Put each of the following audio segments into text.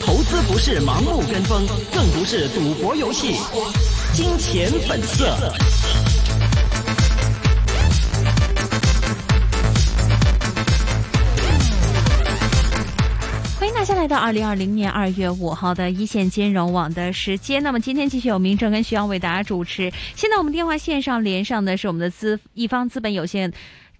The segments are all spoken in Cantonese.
投資不是盲目跟風，更不是賭博遊戲，金錢本色。歡迎大家來到二零二零年二月五號的一線金融網的時間。那麼今天繼續由民正跟徐陽為大家主持。現在我們電話線上連上的是我們的資一方資本有限。Now, we'll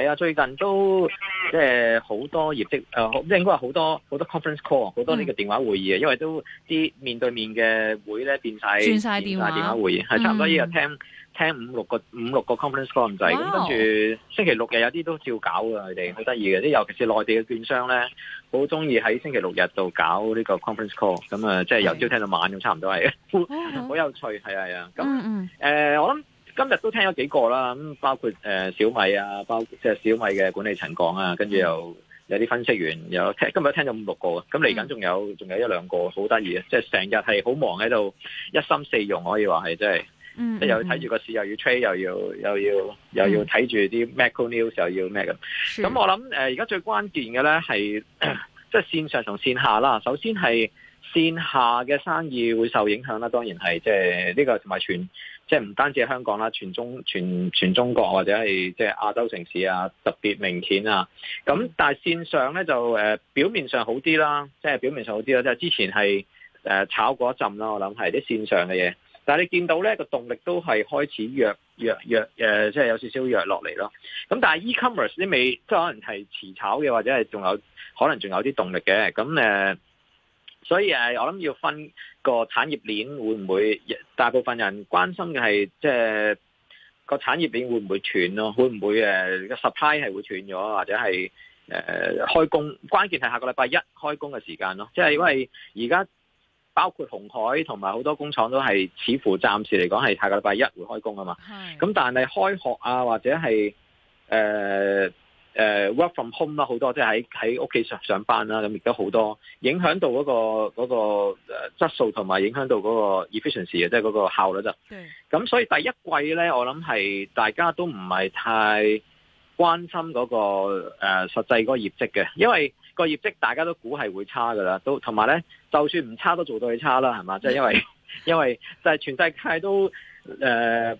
係啊，最近都即係好多業績，誒、呃，應該話好多好多 conference call，好多呢個電話會議啊、嗯，因為都啲面對面嘅會咧變晒晒電話電話會議，係、嗯、差唔多一、這、日、個、聽聽五六個五六個 conference call 唔制，跟住星期六日有啲都照搞噶，佢哋好得意嘅，尤其是內地嘅券商咧，好中意喺星期六日度搞呢個 conference call，咁、嗯、啊、呃，即係由朝聽到晚差不，差唔多係，好 有趣，係係啊，咁誒、嗯嗯呃，我諗。今日都聽咗幾個啦，咁包括誒小米啊，包括即係小米嘅管理層講啊，跟住又有啲分析員，有今日都聽咗五六個，咁嚟緊仲有仲有一兩個，好得意啊！即係成日係好忙喺度，一心四用可以話係，即係又睇住個市，嗯、又要 trade，又要又要、嗯、又要睇住啲 macro news，又要咩嘅。咁我諗誒，而家最關鍵嘅咧係即係線上同線下啦。首先係線下嘅生意會受影響啦，當然係即係呢、這個同埋全。即係唔單止係香港啦，全中全全中國或者係即係亞洲城市啊，特別明顯啊。咁但係線上咧就表面上好啲啦，即係表面上好啲啦。即係之前係誒炒過一陣啦，我諗係啲線上嘅嘢。但係你見到咧個動力都係開始弱弱弱誒、呃，即係有少少弱落嚟咯。咁但係、e、e-commerce 啲未即係可能係遲炒嘅，或者係仲有可能仲有啲動力嘅咁誒。所以誒，我諗要分個產業鏈會唔會？大部分人關心嘅係即係個產業鏈會唔會斷咯？會唔會誒個 supply 係會斷咗，或者係誒、呃、開工？關鍵係下個禮拜一開工嘅時間咯。即係因為而家包括紅海同埋好多工廠都係似乎暫時嚟講係下個禮拜一會開工啊嘛。咁但係開學啊，或者係誒。呃 Uh, work from home 啦，好多即係喺喺屋企上上班啦，咁亦都好多影響到嗰、那個嗰、那個質素同埋影響到嗰個 efficiency 即係嗰個效率啫。咁所以第一季呢，我諗係大家都唔係太關心嗰、那個誒、呃、實際嗰個業績嘅，因為個業績大家都估係會差噶啦，都同埋呢就算唔差都做到佢差啦，係嘛？即、就、係、是、因為 因為就係全世界都誒，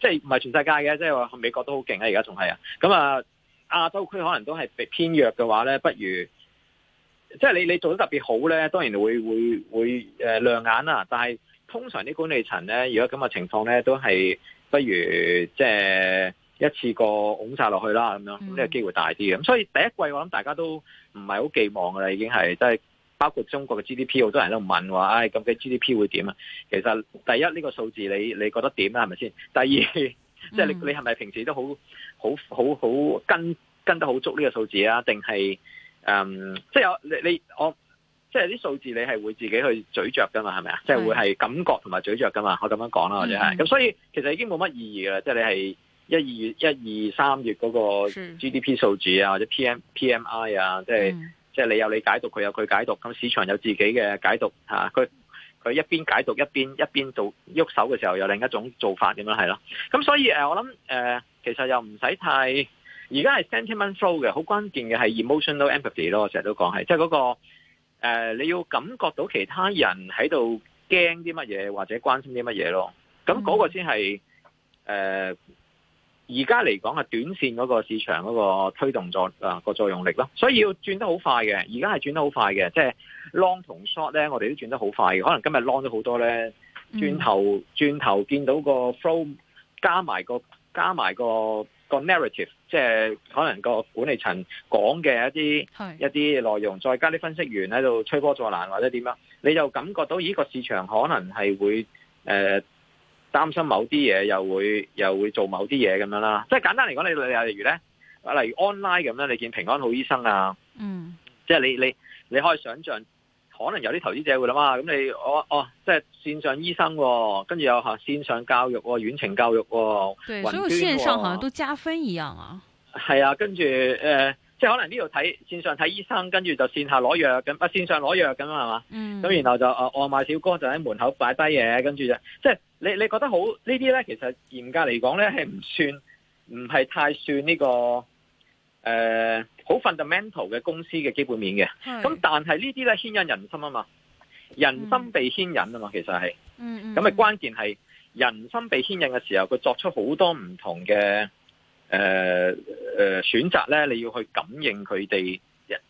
即係唔係全世界嘅，即係話美國都好勁啊，而家仲係啊，咁啊。亞洲區可能都係偏弱嘅話咧，不如即係、就是、你你做得特別好咧，當然會會會誒亮眼啦。但係通常啲管理層咧，如果咁嘅情況咧，都係不如即係一次過拱晒落去啦咁樣，呢個機會大啲嘅。咁、嗯、所以第一季我諗大家都唔係好寄望噶啦，已經係即係包括中國嘅 GDP 好多人都唔問話，唉咁嘅 GDP 會點啊？其實第一呢、呢個數字你你覺得點啦？係咪先？第二？嗯即、嗯、係、就是、你你係咪平時都好好好好跟跟得好足呢個數字啊？定係誒，即係有你你我即係啲數字你係會自己去咀嚼㗎嘛？係咪啊？即係、就是、會係感覺同埋咀嚼㗎嘛？我咁樣講啦，或者係咁，嗯、所以其實已經冇乜意義啦。即、就、係、是、你係一二月一二三月嗰個 GDP 數字啊，或者 P M P M I 啊，即係即係你有你解讀，佢有佢解讀，咁市場有自己嘅解讀吓，佢、啊。佢一邊解讀一邊一邊做喐手嘅時候，有另一種做法咁樣係咯。咁所以誒，我諗誒、呃，其實又唔使太。而家係 sentiment flow 嘅，好關鍵嘅係 emotional empathy 咯。我成日都講係，即係嗰個、呃、你要感覺到其他人喺度驚啲乜嘢或者關心啲乜嘢咯。咁嗰個先係誒。Mm -hmm. 呃而家嚟講係短線嗰個市場嗰個推動作啊個作用力咯，所以要轉得好快嘅，而家係轉得好快嘅，即係 long 同 short 咧，我哋都轉得好快嘅。可能今日 long 咗好多咧，轉頭轉頭見到個 flow 加埋個加埋個個 narrative，即係可能個管理層講嘅一啲一啲內容，再加啲分析員喺度推波助瀾或者點樣，你就感覺到依個市場可能係會誒。呃擔心某啲嘢，又會又會做某啲嘢咁樣啦，即係簡單嚟講，你例如呢例如 online 咁樣你見平安好醫生啊，嗯，即係你你你可以想象，可能有啲投資者會諗啊，咁你哦哦，即係線上醫生、哦，跟住有吓線上教育、哦、遠程教育、雲端、喎。」對、哦、所有線上好像都加分一樣啊，係、嗯、啊，跟住誒。呃即係可能呢度睇線上睇醫生，跟住就線下攞藥咁、啊，線上攞藥咁係嘛？嗯。咁、mm -hmm. 然後就外賣、啊、小哥就喺門口擺低嘢，跟住就即係你你覺得好呢啲咧，其實嚴格嚟講咧係唔算，唔係太算呢、這個誒好、呃、fundamental 嘅公司嘅基本面嘅。咁、mm -hmm. 但係呢啲咧牽引人心啊嘛，人心被牽引啊嘛，其實係。嗯、mm、嗯 -hmm.。咁咪關鍵係人心被牽引嘅時候，佢作出好多唔同嘅。誒、呃、誒、呃，選擇咧，你要去感應佢哋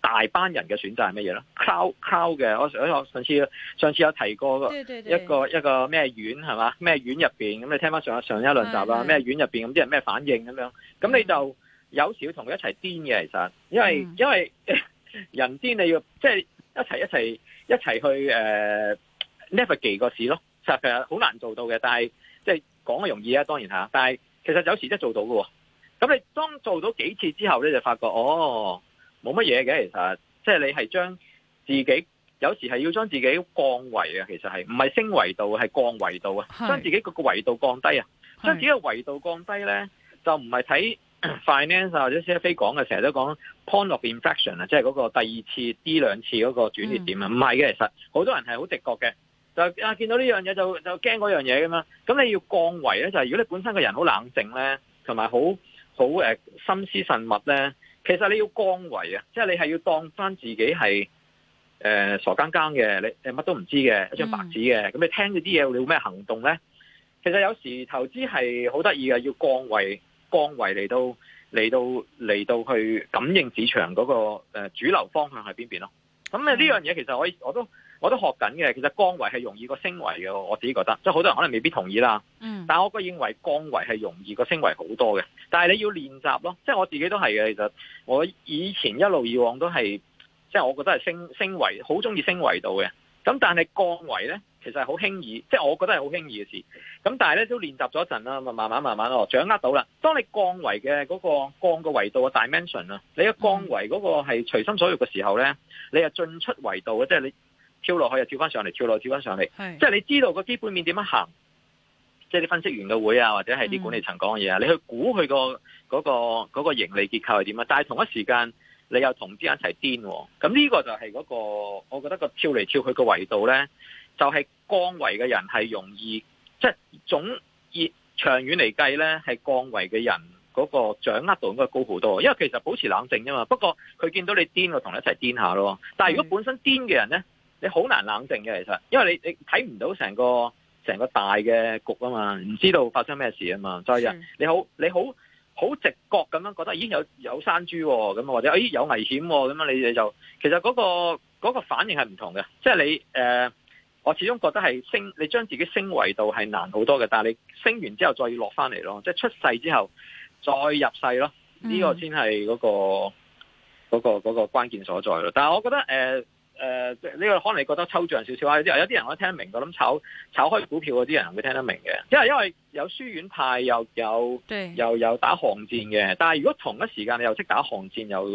大班人嘅選擇係乜嘢咯 Cloud Cloud 嘅，我上一次上次有提過一個對對對一個咩院係嘛？咩院入邊咁？面你聽翻上上一兩集啊？咩院入邊咁？啲人咩反應咁樣？咁你就有時要同佢一齊癲嘅，其實因為因為人癲你要即係一齊一齊一齊去誒 navigate 個事咯。實其實好難做到嘅，但係即係講啊容易啊，當然吓。但係其實有時真係做到嘅。咁你當做到幾次之後咧，就發覺哦，冇乜嘢嘅其實，即係你係將自己有時係要將自己降維啊。其實係唔係升維度，係降維度啊，將自己個個維度降低啊，將自己個維度降低咧，就唔係睇 finance、啊、或者 CFA 講嘅，成日都講 point of infection 啊，即係嗰個第二次 D 兩次嗰個轉折點啊，唔係嘅其實，好多人係好直覺嘅，就一、啊、見到呢樣嘢就就驚嗰樣嘢㗎嘛。咁你要降維咧，就係、如果你本身個人好冷靜咧，同埋好。好誒、啊，心思慎密咧，其實你要降維啊，即、就、係、是、你係要當翻自己係誒、呃、傻更更嘅，你你乜都唔知嘅，一張白紙嘅，咁、嗯、你聽嗰啲嘢，你會咩行動咧？其實有時投資係好得意嘅，要降維降維嚟到嚟到嚟到去感應市場嗰、那個誒、呃、主流方向係邊邊咯。咁呢樣嘢，其實我我都。我都學緊嘅，其實降維係容易過升維嘅，我自己覺得，即係好多人可能未必同意啦。嗯。但係我個認為降維係容易過升維好多嘅，但係你要練習咯，即係我自己都係嘅。其實我以前一路以往都係，即係我覺得係升升維好中意升維度嘅。咁但係降維咧，其實係好輕易，即係我覺得係好輕易嘅事。咁但係咧都練習咗一陣啦，咪慢慢慢慢咯，掌握到啦。當你降維嘅嗰個降個維度嘅 dimension 啊，你嘅降維嗰個係隨心所欲嘅時候咧，你係進出維度嘅，即係你。跳落去又跳翻上嚟，跳落跳翻上嚟，即係你知道個基本面點樣行，即係啲分析員嘅會啊，或者係啲管理層講嘅嘢啊，你去估佢、個嗰、個嗰、個盈利結構係點啊。但係同一時間你又同啲人一齊癲、哦，咁呢個就係嗰、個，我覺得個跳嚟跳去個維度咧，就係、是、降維嘅人係容易，即、就、係、是、總以長遠嚟計咧，係降維嘅人嗰個掌握度應該高好多。因為其實保持冷靜啫嘛，不過佢見到你癲，我同你一齊癲下咯。但係如果本身癲嘅人咧，你好難冷靜嘅，其實，因為你你睇唔到成個成個大嘅局啊嘛，唔知道發生咩事啊嘛，所以你好你好好直覺咁樣覺得已經有有山豬咁、哦、或者誒有危險咁、哦、樣你哋就其實嗰、那個嗰、那個、反應係唔同嘅，即、就、係、是、你誒、呃，我始終覺得係升，你將自己升維度係難好多嘅，但係你升完之後再要落翻嚟咯，即、就、係、是、出世之後再入世咯，呢、這個先係嗰個嗰、嗯那個嗰、那個那個、關鍵所在咯。但係我覺得誒。呃誒、呃，呢、這個可能你覺得抽象少少啊？有啲人可以聽得明，我諗炒炒開股票嗰啲人會聽得明嘅，因為因為有書院派，又有又有打巷戰嘅。但係如果同一時間你又識打巷戰，又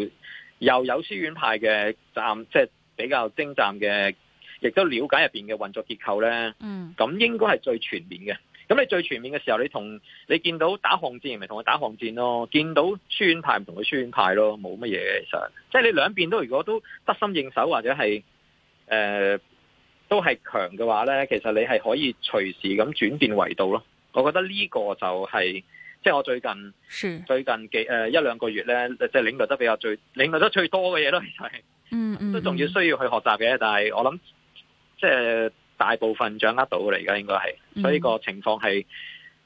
又有書院派嘅站，即、就、係、是、比較精湛嘅，亦都了解入邊嘅運作結構咧。嗯，咁應該係最全面嘅。咁你最全面嘅時候，你同你見到打巷戰，咪同佢打巷戰咯；見到輸派，唔同佢輸派咯，冇乜嘢其實。即係你兩邊都如果都得心應手，或者係誒、呃、都係強嘅話咧，其實你係可以隨時咁轉變維度咯。我覺得呢個就係、是、即係我最近最近幾、呃、一兩個月咧，即、就、係、是、領略得比較最領略得最多嘅嘢咯，其實。嗯嗯。都仲要需要去學習嘅，但係我諗即係。大部分掌握到嘅，而家應該係，所以個情況係、嗯，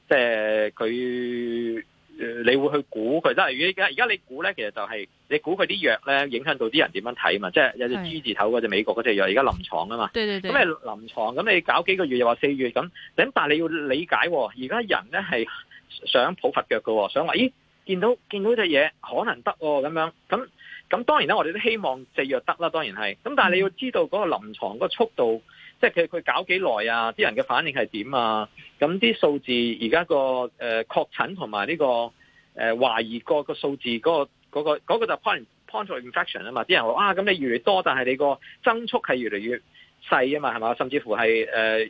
即係佢，你會去估佢。真係而家，而家你估咧，其實就係、是、你估佢啲藥咧，影響到啲人點樣睇嘛。即係有隻 G 字頭嗰隻美國嗰隻藥，而家臨床啊嘛。咁你臨床，咁你搞幾個月又話四月咁。咁但係你要理解，而家人咧係想抱佛腳㗎喎，想話咦，見到見到隻嘢可能得咁樣。咁咁當然啦，我哋都希望隻藥得啦，當然係。咁但係你要知道嗰個臨床嗰個速度。即係佢佢搞幾耐啊？啲人嘅反應係點啊？咁啲數字而家個誒確診同埋呢個誒、呃、懷疑個個數字嗰、嗰個嗰個嗰個就可能 point of infection 啊嘛？啲人話啊，咁你越嚟越多，但係你個增速係越嚟越細啊嘛，係嘛？甚至乎係誒。呃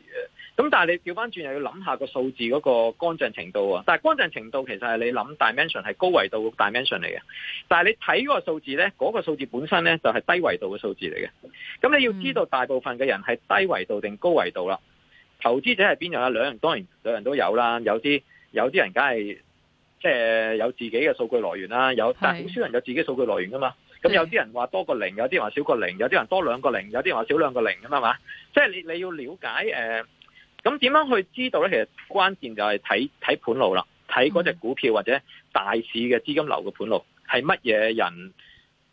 咁但係你調翻轉又要諗下個數字嗰個乾淨程度啊！但係乾淨程度其實係你諗 dimension 係高維度嘅 dimension 嚟嘅，但係你睇嗰個數字咧，嗰、那個數字本身咧就係、是、低維度嘅數字嚟嘅。咁你要知道大部分嘅人係低維度定高維度啦。投資者係邊樣啊？兩樣當然兩樣都有啦。有啲有啲人梗係即係有自己嘅數據來源啦。有但係好少人有自己數據來源噶嘛？咁有啲人話多個零，有啲人話少個零，有啲人多兩個零，有啲人話少兩個零噶嘛。即係你你要了解誒。呃咁點樣去知道咧？其實關鍵就係睇睇盤路啦，睇嗰隻股票或者大市嘅資金流嘅盤路係乜嘢人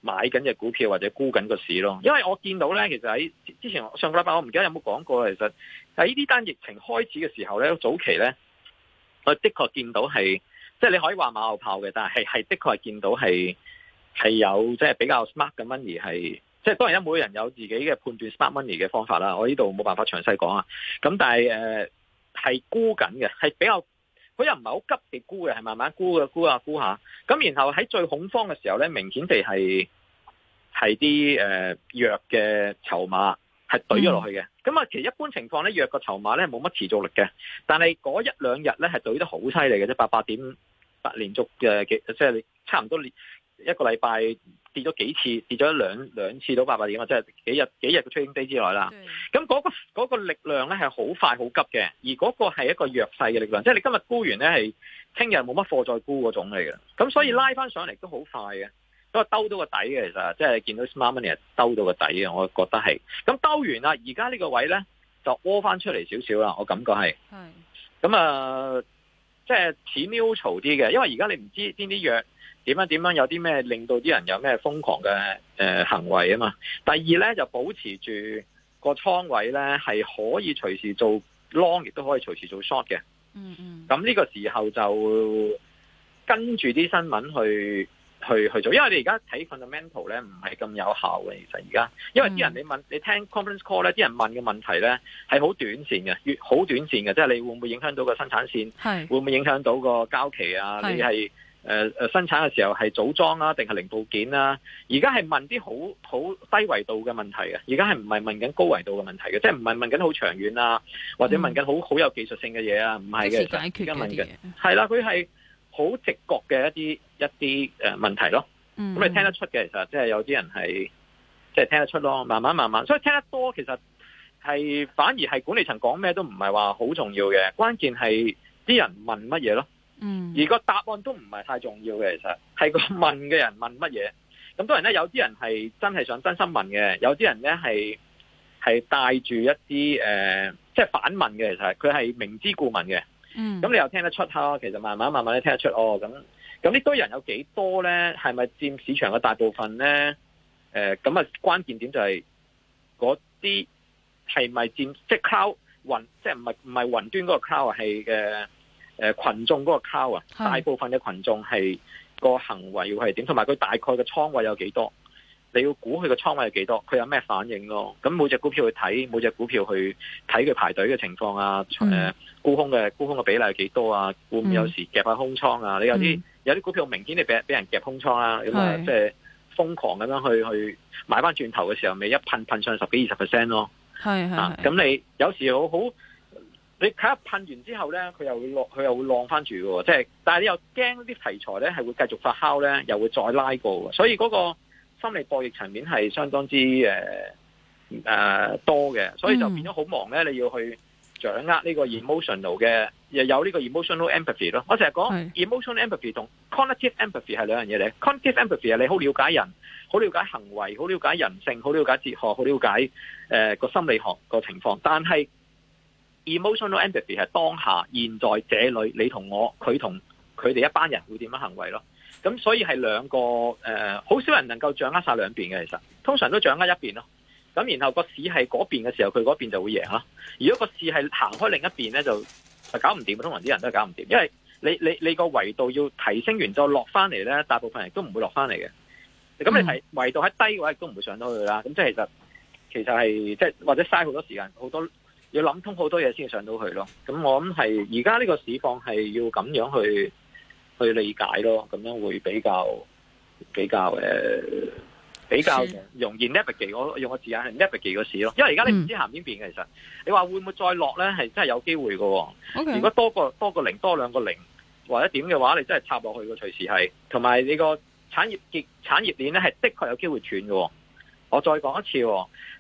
買緊隻股票或者沽緊個市咯。因為我見到咧，其實喺之前上個禮拜我唔記得有冇講過，其實喺呢單疫情開始嘅時候咧，早期咧，我的確見到係即係你可以話馬後炮嘅，但係係的確係見到係係有即係比較 smart 嘅 money 係。即係當然啦，每個人有自己嘅判斷 smart money 嘅方法啦。我呢度冇辦法詳細講啊。咁但係誒係沽緊嘅，係、呃、比較佢又唔係好急地沽嘅，係慢慢沽啊沽啊沽下。咁然後喺最恐慌嘅時候咧，明顯地係係啲誒弱嘅籌碼係堆咗落去嘅。咁、嗯、啊，其實一般情況咧，弱嘅籌碼咧冇乜持續力嘅。但係嗰一兩日咧係堆得好犀利嘅啫，八八點八連續誒嘅，即係差唔多連。一個禮拜跌咗幾次，跌咗兩兩次到八百點，即係幾日幾日嘅 trading day 之內啦。咁嗰個嗰個力量咧係好快好急嘅，而嗰個係一個弱勢嘅力量，即係你今日沽完咧係聽日冇乜貨再沽嗰種嚟嘅。咁所以拉翻上嚟都好快嘅，都係兜到個底嘅，其實即係見到 smart money 兜到個底嘅，我覺得係。咁兜完啦，而家呢個位咧就窩翻出嚟少少啦，我感覺係。咁啊、呃，即係似 neutral 啲嘅，因為而家你唔知邊啲藥。點樣點樣有啲咩令到啲人有咩瘋狂嘅行為啊嘛？第二咧就保持住個倉位咧，係可以隨時做 long，亦都可以隨時做 short 嘅。嗯嗯。咁呢個時候就跟住啲新聞去去去做，因為你而家睇 fundamental 咧唔係咁有效嘅。其實而家，因為啲人你問你聽 conference call 咧，啲人問嘅問題咧係好短線嘅，越好短線嘅，即係你會唔會影響到個生產線？係會唔會影響到個交期啊？你係。誒、呃、誒，生產嘅時候係組裝啊，定係零部件啊？而家係問啲好好低維度嘅問題嘅，而家係唔係問緊高維度嘅問題嘅，即係唔係問緊好長遠啊，或者問緊好好有技術性嘅嘢啊？唔係嘅，即係解決嘅啲嘢。係啦，佢係好直覺嘅一啲一啲誒問題咯。咁、嗯、你聽得出嘅，其實即係有啲人係即係聽得出咯。慢慢慢慢，所以聽得多，其實係反而係管理層講咩都唔係話好重要嘅，關鍵係啲人問乜嘢咯。嗯，而個答案都唔係太重要嘅，其實係個問嘅人問乜嘢。咁當然咧，有啲人係真係想真心問嘅，有啲人咧係係帶住一啲誒，即係、呃、即係反問嘅，其實佢係明知故問嘅。嗯，咁你又聽得出哈，其實慢慢慢慢你聽得出哦。咁咁呢堆人有幾多咧？係咪佔市場嘅大部分咧？誒、呃，咁啊關鍵點就係嗰啲係咪佔即係 cloud 雲，即係唔係唔係雲端嗰個 cloud 係嘅？呃誒，群眾嗰 c 啊，大部分嘅群眾係個行為要係點，同埋佢大概嘅倉位有幾多？你要估佢嘅倉位有幾多？佢有咩反應咯？咁每隻股票去睇，每隻股票去睇佢排隊嘅情況啊，嗯、沽空嘅沽空嘅比例有幾多啊？會唔會有時夾下空倉啊？嗯、你有啲有啲股票明，明顯你俾俾人夾空倉啊，咁啊即係瘋狂咁樣去去買翻轉頭嘅時候，咪一噴噴上十幾二十 percent 咯。咁、啊、你有時好好。你睇下噴完之後咧，佢又會落，佢又會浪翻住喎。即係，但係你又驚啲題材咧，係會繼續發酵咧，又會再拉過，所以嗰個心理博弈層面係相當之誒誒、呃、多嘅，所以就變咗好忙咧，你要去掌握呢個 emotional 嘅，又有呢個 emotional empathy 咯。我成日講 emotional empathy 同 cognitive empathy 係兩樣嘢嚟，cognitive empathy 係你好了解人，好了解行為，好了解人性，好了解哲學，好了解誒個、呃、心理學個情況，但係。Emotional empathy 係當下現在這裡，你同我佢同佢哋一班人會點樣行為咯？咁所以係兩個誒，好、呃、少人能夠掌握晒兩邊嘅其實，通常都掌握一邊咯。咁然後個市係嗰邊嘅時候，佢嗰邊就會贏咯。如果個市係行開另一邊咧，就搞唔掂。通常啲人都係搞唔掂，因為你你你個維度要提升完再落翻嚟咧，大部分人都唔會落翻嚟嘅。咁你係、嗯、維度喺低嘅話，亦都唔會上到去啦。咁即係其實其實係即係或者嘥好多時間好多。要諗通好多嘢，先上到去咯。咁我諗係而家呢個市況係要咁樣去去理解咯，咁樣會比較比較誒比較容易 navigate。我用個字眼係 navigate 個市咯。因為而家你唔知行邊邊嘅，其實你話會唔會再落咧，係真係有機會噶、okay。如果多個多個零多兩個零或者點嘅話，你真係插落去嘅，隨時係。同埋你產業產業鏈呢、那個產業結產業鏈咧係的確有機會斷嘅。我再講一次，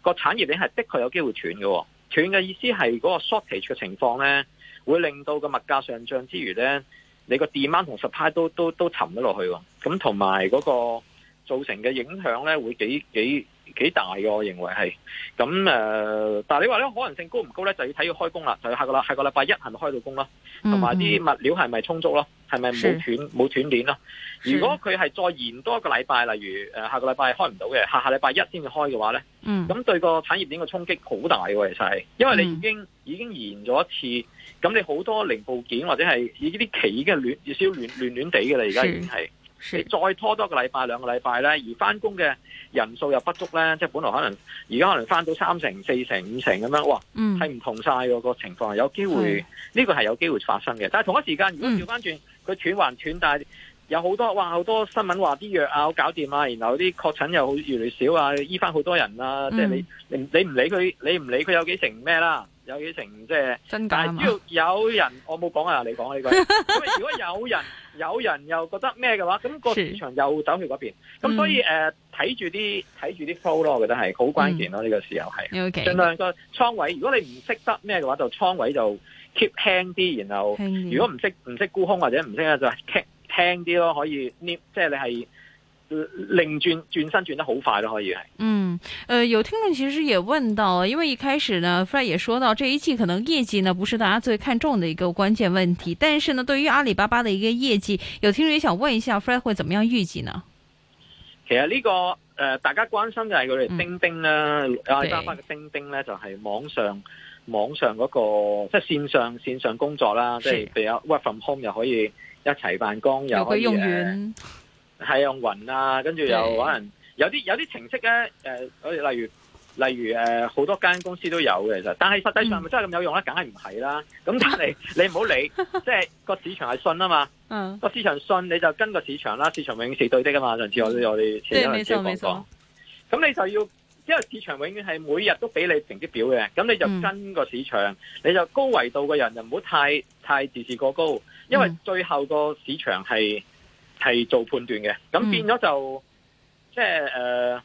個產業鏈係的確有機會斷嘅。斷嘅意思係嗰個 shortage 嘅情況咧，會令到個物價上漲之餘咧，你個 demand 同 supply 都都都沉咗落去喎。咁同埋嗰個造成嘅影響咧，會幾幾幾大嘅，我認為係。咁誒、呃，但係你話咧，可能性高唔高咧，就要睇要開工啦，就要下個下個禮拜一係咪開到工咯，同埋啲物料係咪充足咯。Mm-hmm. 係咪冇斷冇斷鏈咯、啊？如果佢係再延多一個禮拜，例如下個禮拜開唔到嘅，下下禮拜一先至開嘅話咧，咁、嗯、對個產業鏈嘅衝擊好大嘅、啊、喎，其實係，因為你已經、嗯、已經延咗一次，咁你好多零部件或者係已經啲企已經亂要少亂亂亂地嘅啦，而家已經係，你再拖多一個禮拜兩個禮拜咧，而翻工嘅人數又不足咧，即係本來可能而家可能翻到三成四成五成咁樣，哇，係、嗯、唔同晒個、個情況，有機會呢、呢個係有機會發生嘅。但係同一時間，如果調翻轉。嗯佢斷還斷，但係有好多哇，好多新聞話啲藥啊我搞掂啊，然後啲確診又好越嚟越少啊，醫翻好多人啦、啊。即、嗯、係、就是、你你你唔理佢，你唔理佢有幾成咩啦？有幾成即係、就是，但係主要有人，我冇講啊，你講呢個因為如果有人有人又覺得咩嘅話，咁、那個市場又走去嗰邊。咁、嗯、所以睇住啲睇住啲 flow 咯，我覺得係好關鍵咯、啊。呢、嗯這個時候係儘、okay. 量個倉位。如果你唔識得咩嘅話，就倉位就。keep 輕啲，然後如果唔識唔識沽空或者唔識咧，就係輕啲咯，可以捏，即係你係另轉轉身轉得好快咯，可以係。嗯，誒，有聽眾其實也問到，因為一開始呢 Fred 也說到，這一季可能業績呢不是大家最看重的一個關鍵問題，但是呢，對於阿里巴巴的一個業績，有聽眾也想問一下 Fred 會怎麼樣預計呢？其實呢、這個誒、呃，大家關心就係佢哋釘釘啦，mm, okay. 阿里巴巴嘅釘釘咧就係網上。網上嗰、那個即係線上線上工作啦，即係譬如有 work from home 又可以一齊辦公，又可以係、呃、用雲啊，跟住又可能有啲有啲程式咧，誒、呃，例如例如誒，好、呃、多間公司都有嘅其實，但係實際上咪真係咁有用咧？梗係唔係啦。咁但係你、嗯、你唔好理，即係個市場係信啊嘛，個、嗯、市場信你就跟個市場啦，市場永遠是對的噶嘛。上次我、嗯、我哋先先講咁，你就要。因為市場永遠係每日都俾你成績表嘅，咁你就跟個市場、嗯，你就高維度嘅人就唔好太太自視過高，因為最後個市場係係、嗯、做判斷嘅，咁變咗就、嗯、即係誒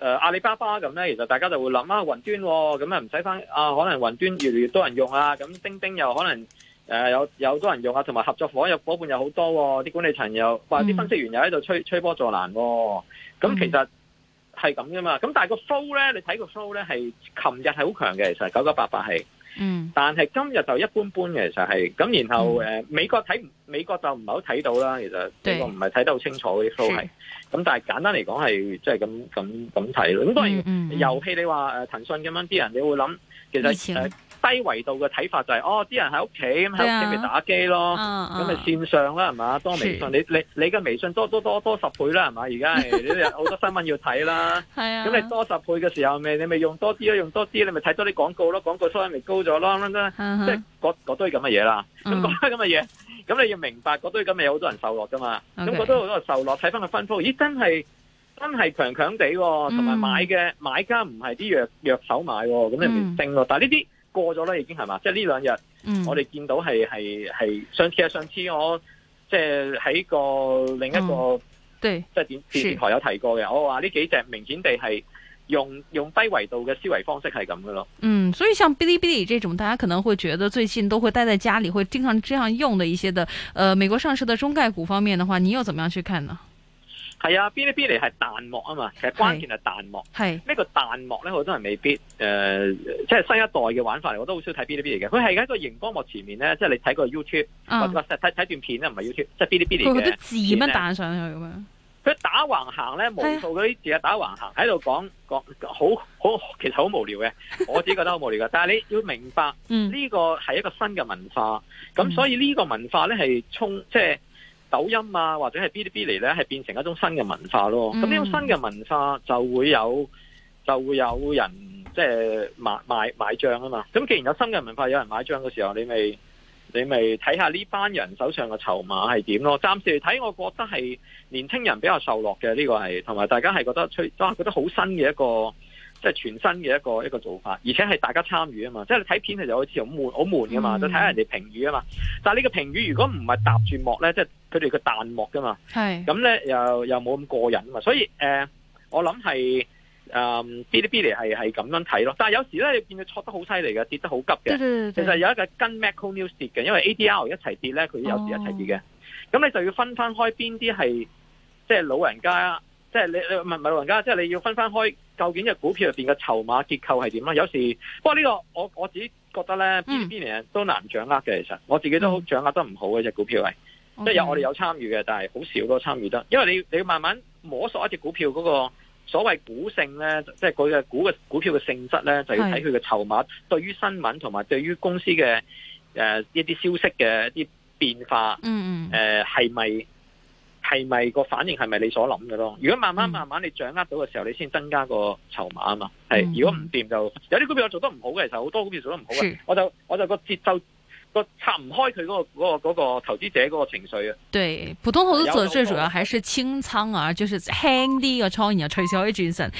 誒阿里巴巴咁咧，其實大家就會諗啊雲端咁啊唔使翻啊，可能雲端越嚟越多人用啊，咁釘釘又可能誒、呃、有有多人用啊，同埋合作伙有伙伴又好多，啲管理層又或啲分析員又喺度吹吹波助瀾，咁其實。係咁噶嘛，咁但係個 flow 咧，你睇個 flow 咧係，琴日係好強嘅，其實九九八八係，嗯，但係今日就一般般嘅，其實係，咁然後誒、嗯，美國睇唔，美國就唔係好睇到啦，其實呢個唔係睇得好清楚啲 flow 係，咁但係簡單嚟講係，即係咁咁咁睇咯，咁當然遊戲你話誒騰訊咁樣啲人、嗯嗯，你、啊、人會諗，其實誒。低維度嘅睇法就係、是、哦，啲人喺屋企咁喺屋企咪打機咯，咁咪、啊啊啊、線上啦係嘛，多微信，你你你嘅微信多多多多十倍啦係嘛，而家係你好多新聞要睇啦，咁、啊、你多十倍嘅時候咪你咪用多啲咯，用多啲你咪睇多啲廣告咯，廣告收益咪高咗咯，即係嗰嗰堆咁嘅嘢啦，咁、嗯、嗰堆咁嘅嘢，咁你要明白嗰堆咁嘅嘢好多人受落噶嘛，咁、okay. 嗰堆好多人受落，睇翻個分幅，咦真係真係強強地，同埋買嘅、嗯、買家唔係啲弱弱手買、哦，咁你咪升咯、嗯，但係呢啲。過咗啦，已經係嘛？即係呢兩日，我哋見到係係係上次啊，上次我即係喺個另一個，嗯、對，即係電電視台有提過嘅。我話呢幾隻明顯地係用用低維度嘅思維方式係咁嘅咯。嗯，所以像嗶哩嗶哩這種，大家可能會覺得最近都會待在家裏，會經常這樣用的一些的，呃，美國上市的中概股方面的話，你又怎麼樣去看呢？係啊，嗶哩嗶哩係彈幕啊嘛，其實關鍵係彈幕。係呢個彈幕咧，我都係未必，誒、呃，即係新一代嘅玩法嚟，我都好少睇嗶哩嗶哩嘅。佢係喺個熒光幕前面咧，即係你睇個 YouTube、啊、或者睇睇段片啦，唔係 YouTube，即係嗶哩嗶哩嘅。佢好多字點樣彈上去咁樣？佢打橫行咧，無數嗰啲字橫啊，打橫行，喺度講講，好好，其實好無聊嘅。我自己覺得好無聊嘅。 但係你要明白呢、嗯這個係一個新嘅文化，咁所以呢個文化咧係衝即係。抖音啊，或者係嗶哩嗶哩呢，係變成一種新嘅文化咯。咁呢種新嘅文化就會有就會有人即係、就是、買買買賬啊嘛。咁既然有新嘅文化，有人買賬嘅時候，你咪你咪睇下呢班人手上嘅籌碼係點咯。暫時睇，我覺得係年輕人比較受落嘅呢個係同埋大家係覺得出都係覺得好新嘅一個。即係全新嘅一個一個做法，而且係大家參與啊嘛！即係你睇片係就好似好悶好悶噶嘛，嗯、就睇下人哋評語啊嘛。但係你嘅評語如果唔係搭住幕咧，即係佢哋嘅彈幕噶嘛，咁咧又又冇咁過癮啊嘛。所以誒、呃，我諗係誒 Bilibili 係係咁樣睇咯。但係有時咧，你見佢挫得好犀利嘅，跌得好急嘅，其實有一個跟 Macau News 跌嘅，因為 ADR 一齊跌咧，佢有時一齊跌嘅。咁、哦、你就要分翻開邊啲係即係老人家，即係你你唔係唔係老人家，即係你要分翻開。究竟隻股票入邊嘅籌碼結構係點咧？有時，不過呢個我我自己覺得咧，邊年邊年都難掌握嘅、嗯。其實我自己都掌握得唔好嘅，隻股票係，即係有我哋有參與嘅，但係好少咯參與得、嗯。因為你你要慢慢摸索一隻股票嗰個所謂股性咧，即係佢嘅股嘅股票嘅性質咧，就要睇佢嘅籌碼對於新聞同埋對於公司嘅誒、呃、一啲消息嘅一啲變化，誒係咪？呃是係咪，個反應係咪你所諗嘅咯？如果慢慢慢慢你掌握到嘅時候，嗯、你先增加個籌碼啊嘛。係，如果唔掂就有啲股票我做得唔好嘅，其實好多股票做得唔好嘅。我就我就個節奏拆、嗰個拆唔開佢嗰個嗰、嗰個、投資者嗰個情緒啊。對，普通投資者最主要還是輕倉啊的，就是輕啲嘅倉，然後隨時可以轉神。